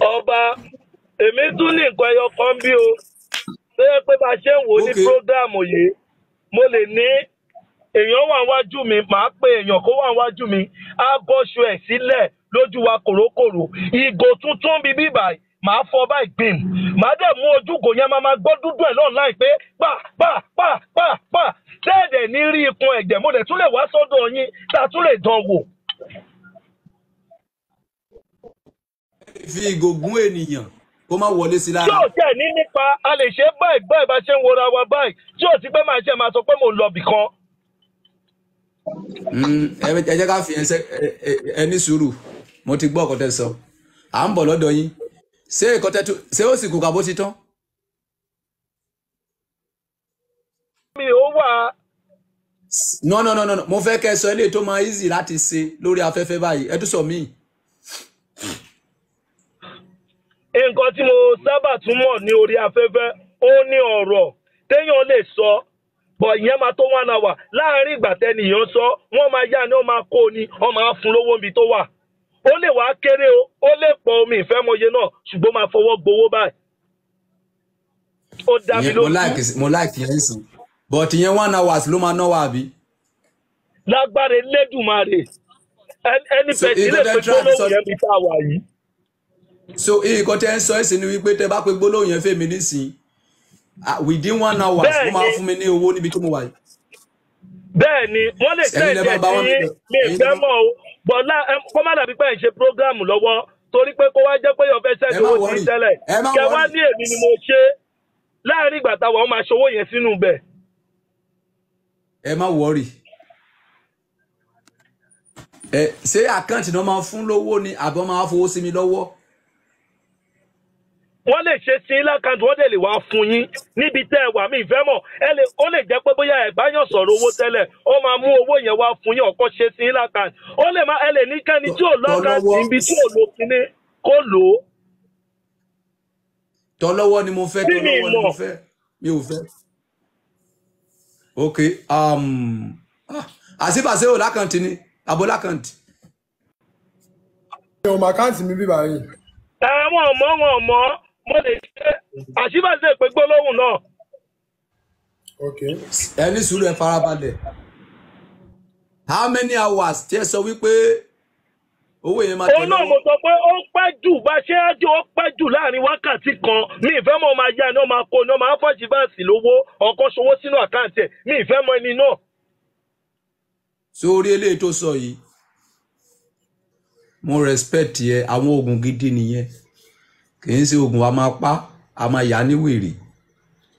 ọba èmi tún ní nǹkan ẹyọ kan bí o tó yẹ pé bá a ṣe ń wò ó ní prógráàmù yìí mo lè ní èèyàn wà wájú mi màá pe èèyàn kó wà wájú mi á bọ́ṣu ẹ̀ sílẹ̀ lójú wa kòrókòrò ìgò tuntun bíbí báyìí màá fọ báyìí gbìm màá dẹ̀ mú ojúgò yẹn máa máa gbọ́ dúdú ẹ̀ lọ́nà láìpẹ́ pa pa pa pa pa tẹ́ẹ̀dẹ̀ ní rí ikun ẹ̀jẹ̀ mo dẹ̀ tún lè wá sọ́dọ̀ yín tá tún lè dán wò. fi ìgògùn ènìyàn kó má wọlé sí lára. yóò tẹ̀ ní nípa a lè ṣe báyìí báyìí bá ṣe ń wọra wa báyìí tí ò ti pẹ́ máa ṣe máa sọ pé mò ń lọ bì kan. Mm, ẹ jẹ́ ká fi ẹsẹ̀ ẹ ní sùúrù mo ti gbọ́ ọ̀kọ́tẹ́ sọ à ń bọ̀ lọ́dọ̀ yín ṣé ìkọ́tẹ́ tó ṣé ó sì kú kàbó ti tán. mi ò wà. no mo fẹ́ kẹ́ ẹ sọ eléyìí tó máa easy láti ṣe lórí afẹ́fẹ́ báyìí ẹ tún sọ míì. nǹkan tí mo sábà tún mọ̀ ní orí afẹ́fẹ́ ó ní ọ̀rọ̀ téèyàn lè sọ bọ̀ ìyẹn máa tó one hour láàrin ìgbà tẹ́ni ìyẹn sọ wọ́n máa yá ni wọ́n máa kó ni wọn máa fún lówó níbi tó wà ó lè wá kéré o ó lè pọ̀ omi ìfẹ́ mọye náà ṣùgbọ́n máa fọwọ́ gbowó báyìí. ó dá mi lójú. mo láìkí ẹ̀ sùn but ìyẹn one hours ló máa náwó àbí. lágbára elédùnmarè ẹni pẹ̀sí lè pe gbólóhùn yẹn bí tá a yìí. so eh, nǹkan tẹ́ ń sọ ẹ̀ sí ni wípé tẹ́ bá pe gbólóhùn yẹn fèmí nísìn ah, within one hour ó máa fún mi ní owó níbi tó mo wà yìí. bẹ́ẹ̀ ni wọ́n lè tẹ́ ẹ̀jẹ̀ tí mi fẹ́ mọ̀ o bọ́lá kó má dàbí pé ẹ̀ ṣe prógráàmù lọ́wọ́ torí pé kó wá jẹ́ pé yọ̀ọ́ fẹ́ sẹ́ni owó ti tẹ́lẹ̀ kẹ wá ní èmi ni mo ṣe láàrin ìgbà táwọn máa ṣòwò yẹn sínú bẹ̀. ẹ má wọrí ẹ ṣé àkáǹtì náà máa fún lówó ni àbọ̀ máa fowó sí mi lọ́wọ́ wọ́n lè ṣe sí ilé àkáǹtì wọ́n dẹ̀ lè wá fún yín níbi tẹ́ ẹ wà mí ìfẹ́ mọ̀ ẹ lè ó lè jẹ́ pé bóyá ẹ̀gbáyàn sọ̀rọ̀ owó tẹ́lẹ̀ ó máa mú owó yẹn wá fún yín ọ̀kọ́ ṣe sí ilé àkáǹtì ó lè má ẹ lè ní kẹ́ni tí ò lọ́kàǹtì níbi tí ò lo kíní kó lò ó. tọ́lọ́wọ́ ni mo fẹ́ tọ́lọ́wọ́ ni mo fẹ́ mi ò fẹ́. ok um, ah, àṣìbàṣe ò lákàǹtì ni àbò lákàǹtì. ọmọ àkáǹtì mi bíbá yìí. ẹ mo lè ṣe àṣìbàṣe pé gbólóhùn náà. ẹ ní sùúrù ẹ farabalẹ̀ how many hours tí ẹ sọ wípé owó yẹn máa tẹ̀lé. òun náà mo sọ pé ó pẹ́ jù bá ṣe é jù ó pẹ́ jù láàrin wákàtí kan mi ìfẹ́ mọ̀ máa yá iná máa kó iná máa fọ́ọ̀ṣì báàsì lówó ọkọ̀ ṣòwò sínú àkáǹtì ẹ̀ mi ìfẹ́ mọ̀ ẹni náà. sórí eléyìí tó sọ yìí mo respect yẹ àwọn oògùn gidi nìyẹn kì í ṣe oògùn a máa pa a máa yà ní wèrè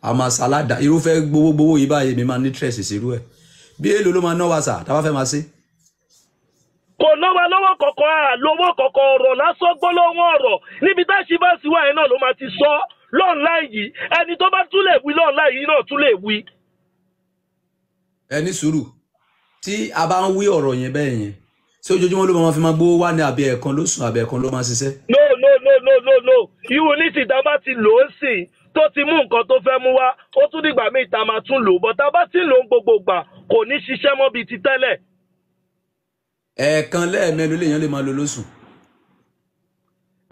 a máa ṣàládà irúfẹ́ gbowógbowó yìí báyìí mi máa ní tírẹ̀sì sírú ẹ̀ bí èèlò ló máa ná wa sà tá a bá fẹ́ máa ṣe. kò lọ́wọ́ lọ́wọ́ kọ̀ọ̀kan à lọ́wọ́ kọ̀ọ̀kan ọ̀rọ̀ lásán gbólóhùn ọ̀rọ̀ níbi tá a ṣe bá sí wa yẹn náà ló máa ti sọ lọ́ọ̀nlá yìí ẹni tó bá tún lè wí lọ́ọ̀nlá yìí náà tún lè wí. ẹ sùúrù tí a bá ń wí ọ̀rọ̀ yẹn bẹ́ẹ̀ yẹn ṣé ojoojúmọ́ ló máa fi máa gbówó wá ní àbí ẹ̀ẹ̀kan lóṣù ló máa ṣiṣẹ́. bẹ́ẹ̀ no no irú nísìnyí tá a bá ti lò ó sì tó ti mú nǹkan tó fẹ́ mú wá ó tún dìgbà míì tá a máa tún lò bọ́ tá a bá ti lò ó gbogbo gbà kò ní ṣiṣẹ́ mọ́ bíi ti tẹ́lẹ̀. ẹ̀ẹ̀kan lẹ́ẹ̀mẹ́lú lèèyàn lè máa lò lóṣù.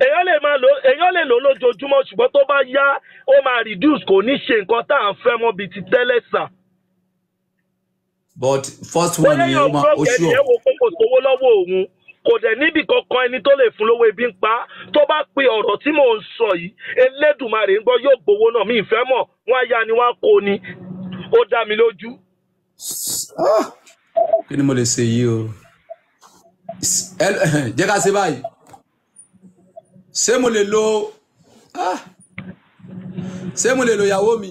èèyàn lè máa lò èèyàn lè lò lójoojúmọ́ ṣùgbọ́n tó bá yá ó máa reduce kò ní ṣe nǹkan tá à ń fẹ́ mọ́ bíi ti tẹ́lẹ̀ sà. but first one yẹn ó máa ó ṣù ọ́ kò dẹ̀ níbì kankan ẹni tó lè fún lówó ebi ń pa tó bá pe ọ̀rọ̀ tí mò ń sọ yìí Elédùmarè ń gbọ́ yóò gbowó náà mi ìfẹ́ mọ̀ wọ́n á yá ni wọ́n á kó ni ó dá mi lójú. Ah! kí ni mo lè ṣe yìí o jẹ́ ká ṣe báyìí ṣé mo lè lo ah! ṣé mo lè lo ìyàwó mi.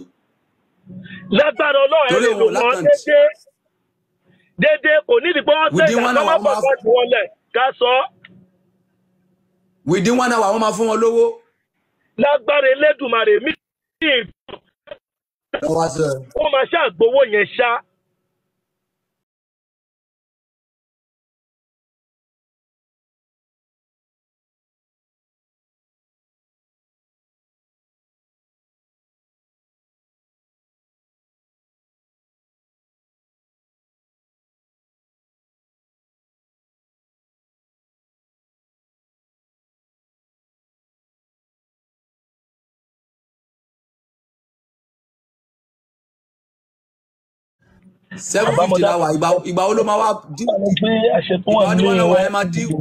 lágbára ọlọ́run ẹ lè lò wọ́n déédéé déédéé kò nídìí pé wọ́n tẹ̀lé àtọwọ́ pọ̀ pọ̀ jù wọlé ká sọ. within one hour wọ́n máa fún wọn lówó. lágbára Elédùmarè mi. ó máa ṣàgbowó yẹn ṣá. seven fifty la wà ìgbà ìgbà wo ló máa wá díwù ìgbà tí wọ́n lọ wà ẹ máa díwù.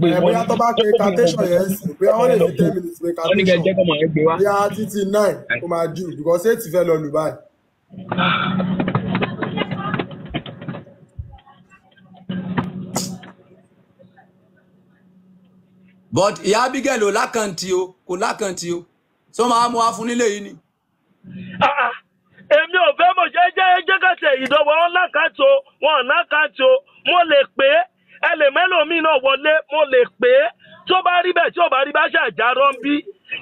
bóyá tó bá pe cartation yẹn sí bóyá wọ́n lè fi ten minutes pe cartation bóyá títí nine kó máa díwù because eight fẹ́ lọ lù báyìí. but ìyá Abigail ò lákàntì o kò lákàntì o sọ ma mú wa fún nílé yìí ni. Ah, ah. èmi ò fẹ́ ṣe jẹ́ jẹ́kẹ̀sẹ̀ ìdánwò wọn lákàtó wọn lákàtó mo lè pé ẹ lè mẹ́lòmíì náà wọlé mo lè pé tó bá rí bẹ́ẹ̀ tí ò bá rí bá ṣàjárọ́ ń bí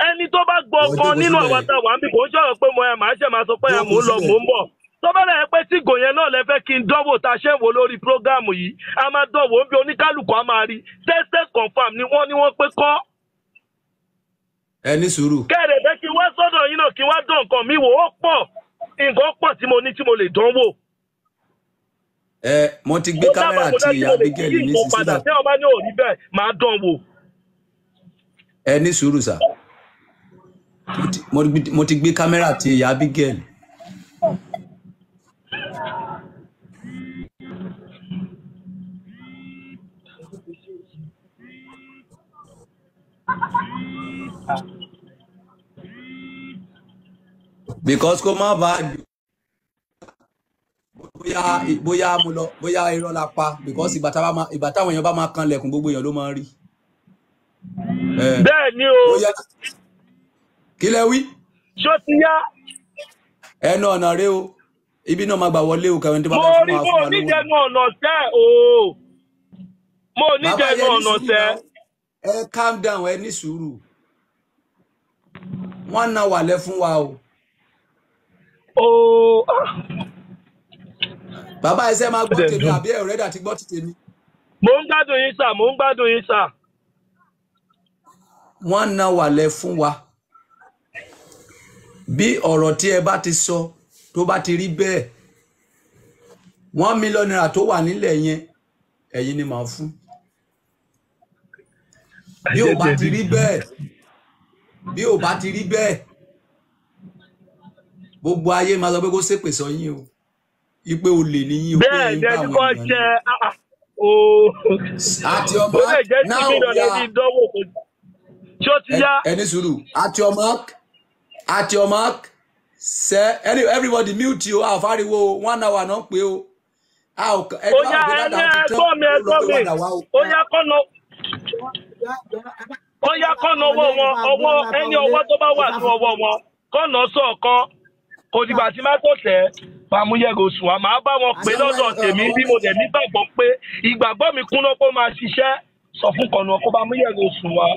ẹni tó bá gbọ́ kan nínú àwọn àtàwọn àmì kò ń sọ̀rọ̀ pé mo ẹ màá ṣe máa sọ pé ẹ mò ń lọ mò ń bọ̀ tó bá dàgbẹ́ pé tí gòyẹn náà lẹ fẹ́ kí n dánwò tá a ṣe ń wò lórí prógáàmù yìí a máa dánwò ń bí oníkálùkù a máa rí tested confam ni wọ́n ní wọ́n pé kọ́. ẹ ní sùúrù. kẹ́rẹ̀ẹ́dẹ́ kí wá sọ́dọ̀ yín náà kí wá dán nǹkan mi wò ó pọ̀ nǹkan pọ̀ tí mo ní tí mo lè dánwò. ẹ mo ti gbé kámẹ́rà tí ìyá abigail ní sísílà. mo padà tẹ́ ọba ní òní bẹ́ẹ̀ máa dánwò. ẹ ní sùúrù sà mo ti gbé kámẹ́rà tí ìyá abigail. Ah. because kó má bàa jù bóyá bóyá mo lọ bóyá irọ́ la pa because ìgbà táwọn èèyàn bá máa kanlẹ̀kùn gbogbo èèyàn ló máa ń rí. bẹ́ẹ̀ ni o. kí lẹ wí. ṣó ti yá. ẹnu ọ̀nà rẹ o ibi náà máa gbà wọlé o kẹrin tí bá bá fún wa mo rí mo níjẹnu ọ̀nà tẹ́ o mo níjẹnu ọ̀nà tẹ́. ẹ calm down ẹ ní sùúrù wọ́n náà wà lẹ́ fún wa o ooo. Oh, ah. bàbá ẹsẹ̀ máa gbọ́ tèmi àbí ẹ̀rẹ́ dà ti gbọ́ ti tèmi. mò ń gbádùn yín sà mò ń gbádùn yín sà. wọ́n na wàlẹ̀ fún wa bí ọ̀rọ̀ tí ẹ bá ti sọ tó bá ti rí bẹ́ẹ̀ one million naira tó wà nílẹ̀ yẹn ẹ̀yin ni màá fún bí ò bá ti rí bẹ́ẹ̀ bí ò bá ti rí bẹ́ẹ̀ gbogbo ayé máa sọ pé kó ṣépè sọ yín o ipe olè ni yín o pé yín bá àwọn ènìyàn àti ọmọ náà ya tí ó ti yá ẹni sùúrù àti ọmọ àti ọmọ sẹ everybody mute o àfáriwo one hour náà pé o a ò kọ ẹgbẹ́ àwọn ọ̀gbẹ́ dàda tó tẹ́ ọ lọ pé wàdà wá o. ó yá kọ́nà ó yá kọ́nà ọwọ́ wọn ọwọ́ ẹni ọwọ́ tó bá wà ní ọwọ́ wọn kọ́nà sọ̀kan òdìgbà tí má tọ̀tẹ̀ fàmúyẹ̀gòsùn àmọ́ á bá wọn pé lọ́dọ̀ tèmi bí mo dẹ̀ nígbàgbọ́ pé ìgbàgbọ́ mi kúnná kó máa ṣiṣẹ́ sọ fún kọ̀nà kó bá múyẹ̀gòsùn wá.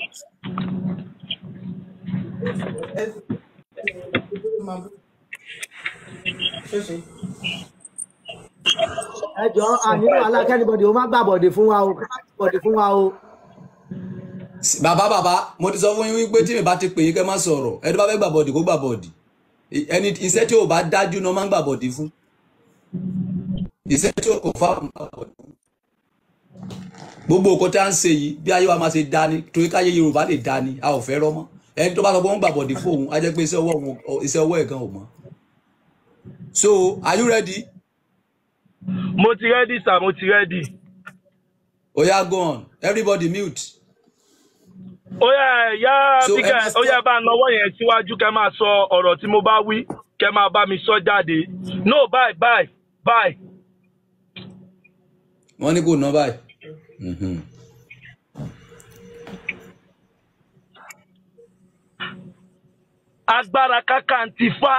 ẹ jọ àníwò alákẹ́nibọ̀dì ó má gbàbọ̀dì fún wa o gbàbọ̀dì fún wa o bàbá bàbá mo ti sọ fún yín wípé tí mi bá ti pè yín kẹ́ má sọ̀rọ̀ ẹni bá fẹ́ gbàbọ̀dì kó gbàbọ̀dì ẹni iṣẹ́ tí o bá dájú náà máa ń gbàbọ̀dì fún iṣẹ́ tí o fà ń gbàbọ̀dì fún gbogbo nǹkan tá à ń ṣe yìí bí ayé wa máa ṣe dání torí káyé Yorùbá lè dání a ò fẹ́ rọ́mọ́ ẹni tó bá sọ pé wọ́n gbàbọ̀dì fún òun á jẹ́ pé iṣẹ́ ọwọ́ ẹ̀ gan ò mọ́ so are you ready. mo ti ready sir mo ti ready. oya go on everybody mute ó yá yá bíkẹ́ ó yá bá nọwọ́ yẹn síwájú kẹ́ máa sọ ọ̀rọ̀ tí mo bá wí kẹ́ máa bá mi sọ jáde no bye bye bye. wọ́n ní kò ná báyìí. Mhm. agbára Kákáǹtì fá.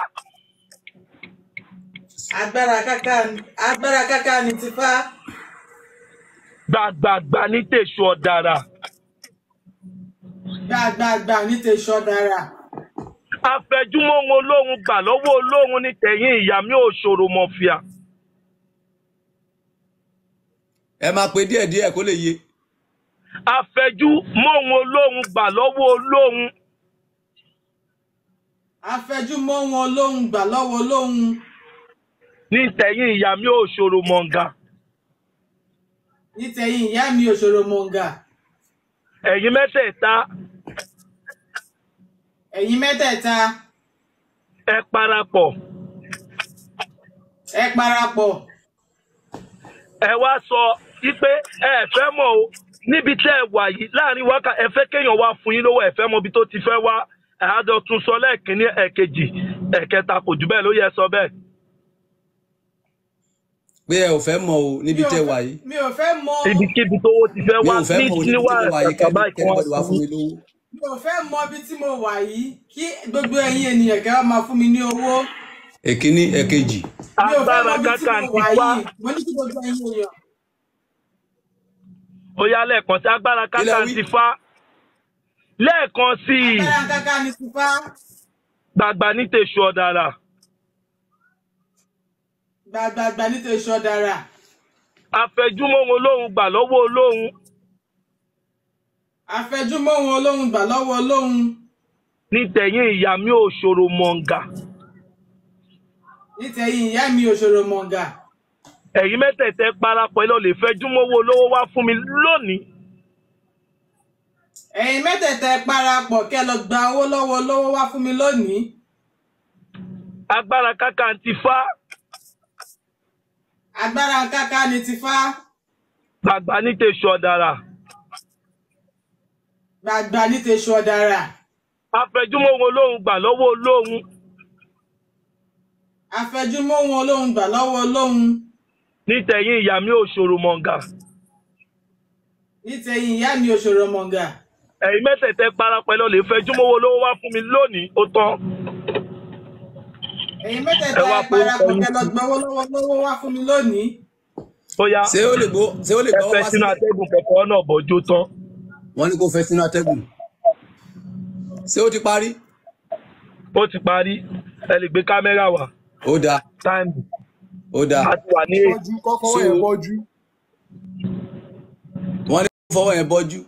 agbára Kákáǹtì agbára Kákáǹtì fá. gbàgbàgbà ní tèṣù ọ̀dàrà gbàgbàgbà ní tẹ̀sán dára. afẹjúmọ́ ohun olóhun gbà lọ́wọ́ olóhun ní tẹ̀yìn ìyá mi ò ṣòro mọ̀ fìyà. ẹ máa pe díẹ̀díẹ̀ kó lè yé. afẹjú mọ́ ohun olóhun gbà lọ́wọ́ olóhun. afẹjú ohun olóhun gbà lọ́wọ́ olóhun. ní tẹ̀yìn ìyá mi ò ṣòro mọ̀ nga. ní tẹ̀yìn ìyá mi ò ṣòro mọ̀ nga. ẹ̀yin mẹ́tẹ̀ẹ̀ta ẹ̀yin mẹ́tẹ̀ẹ̀ta. ẹ parapọ̀. ẹ parapọ̀. ẹ wá sọ wípé ẹ fẹ́ mọ̀ o níbi tẹ́ ẹ wà yìí láàrin wákà ẹ fẹ́ kéèyàn wá fún yín lọ́wọ́ ẹ fẹ́ mọ ibi tó ti fẹ́ wá àádọ́ tún sọ lẹ́ẹ̀kínní ẹ̀kejì ẹ̀kẹta kò jù bẹ́ẹ̀ ló yẹ sọ bẹ́ẹ̀. pé ẹ ò fẹ́ mọ̀ o níbi tẹ́ ẹ wà yìí. mi ò fẹ́ mọ̀. ibikíbi tó ti fẹ́ wá ní tiwa ẹ̀ kàbá ìkọ́wá fún mi mi ò fẹ́ mọ ibi tí mo wà yìí kí gbogbo ẹ̀yin ènìyàn kẹ́ wá máa fún mi ní owó. èkíní èkejì. mi ò fẹ́ mọ ibi tí mo wà yìí mo ní kí gbogbo ẹ̀yin ènìyàn. ó yá lẹ́ẹ̀kan sí agbára kákà ti fá lẹ́ẹ̀kan sí i. agbára kákà ni ti fá. gbàgbà ní tèṣù ọ̀dàrà. gbàgbàgbà ní tèṣù ọ̀dàrà. àfẹjúmọ́ olóhùn gbà lọ́wọ́ olóhùn àfẹjúmọ́ wọn ọlọ́run gbà lọ́wọ́ ọlọ́run. nítẹ̀yìn ìyá mi ò ṣòro mọ̀ǹgà. nítẹ̀yìn ìyá mi ò ṣòro mọ̀ǹgà. ẹ̀yin mẹ́tẹ̀ẹ̀tẹ̀ parapọ̀ ilé olè fẹjúmọ́ owó olówó wá fún mi lónìí. ẹ̀yin mẹ́tẹ̀ẹ̀tẹ̀ parapọ̀ kẹ́ lọ gba owó lọ́wọ́ olówó wá fún mi lónìí. agbára káká ti fá. agbára káká ni ti fá. gbàgbà ní tèṣù ọ̀dàrà gbàgbà ní tẹ̀sù ọ̀dàrà. àfẹjúmọ́ wọn lóhùn gbà lọ́wọ́ olóhùn. àfẹjúmọ́ wọn lóhùn gbà lọ́wọ́ olóhùn. nítẹ̀yìn ìyá mi ò ṣòro mọ̀ǹgà. nítẹ̀yìn ìyá mi ò ṣòro mọ̀ǹgà. ẹ̀yin mẹ́tẹ̀ẹ̀tẹ̀ parapẹ̀ lọ lè fẹjúmọ́ wọn lówó wá fún mi lónìí ó tán. ẹ̀yin mẹ́tẹ̀ẹ̀tẹ̀ parapẹ̀ lọ gbọ́wọ́ lọ́wọ́ lọ́wọ́ wá fún mi lónìí. ó yá ẹ fẹ́ sínú atẹ́gùn kẹ̀kọ́ náà bọ́jú tán wọ́n ní kó fẹ́ sínú atẹ́gùn ṣé ó ti parí. ó ti parí ẹ lè gbé kámẹ́rà wá. ó dáa. táìmù. ó dáa. a ti wà ní èyí. kọ́kọ́ ẹ̀ ní kó fọwọ́ ẹ̀ bọ́jú.